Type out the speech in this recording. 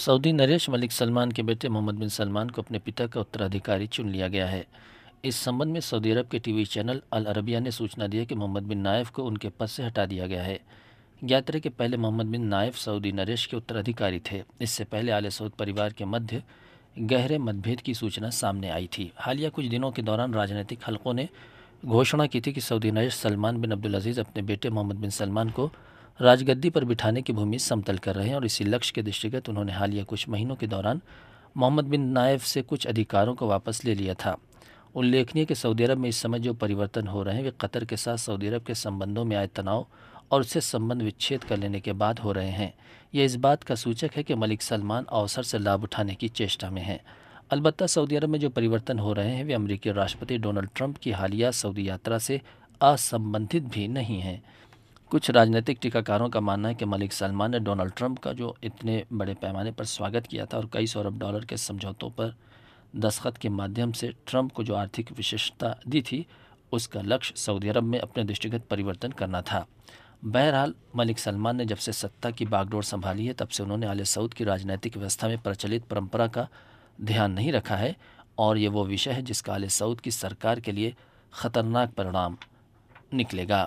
Saudi नरेश मलिक Salman के बेटे मोहम्मद बिन सलमान को अपने पिता का उत्तराधिकारी चुन लिया गया है इस संबंध में सऊदी अरब के टीवी चैनल अल अरबिया ने सूचना दी है कि मोहम्मद बिन नायफ को उनके पद से हटा दिया गया है यात्रा के पहले मोहम्मद बिन नायफ सऊदी नरेश के उत्तराधिकारी थे इससे पहले आल सऊद परिवार के मध्य गहरे मतभेद की सूचना सामने आई थी हालिया कुछ दिनों के दौरान राजनीतिक हलकों ने घोषणा की थी कि सऊदी नरेश सलमान बिन अब्दुल अजीज़ अपने बेटे मोहम्मद बिन सलमान को राजगद्दी पर बिठाने की भूमि समतल कर रहे हैं और इसी लक्ष्य के दृष्टिगत उन्होंने हालिया कुछ महीनों के दौरान मोहम्मद बिन नायफ से कुछ अधिकारों को वापस ले लिया था उल्लेखनीय कि सऊदी अरब में इस समय जो परिवर्तन हो रहे हैं वे कतर के साथ सऊदी अरब के संबंधों में आए तनाव और उससे संबंध विच्छेद कर लेने के बाद हो रहे हैं यह इस बात का सूचक है कि मलिक सलमान अवसर से लाभ उठाने की चेष्टा में हैं अलबत्त सऊदी अरब में जो परिवर्तन हो रहे हैं वे अमरीकी राष्ट्रपति डोनाल्ड ट्रंप की हालिया सऊदी यात्रा से असंबंधित भी नहीं हैं कुछ राजनीतिक टीकाकारों का मानना है कि मलिक सलमान ने डोनाल्ड ट्रंप का जो इतने बड़े पैमाने पर स्वागत किया था और कई सौ अरब डॉलर के समझौतों पर दस्खत के माध्यम से ट्रंप को जो आर्थिक विशेषता दी थी उसका लक्ष्य सऊदी अरब में अपने दृष्टिगत परिवर्तन करना था बहरहाल मलिक सलमान ने जब से सत्ता की बागडोर संभाली है तब से उन्होंने आले सऊद की राजनीतिक व्यवस्था में प्रचलित परंपरा का ध्यान नहीं रखा है और ये वो विषय है जिसका आले सऊद की सरकार के लिए ख़तरनाक परिणाम निकलेगा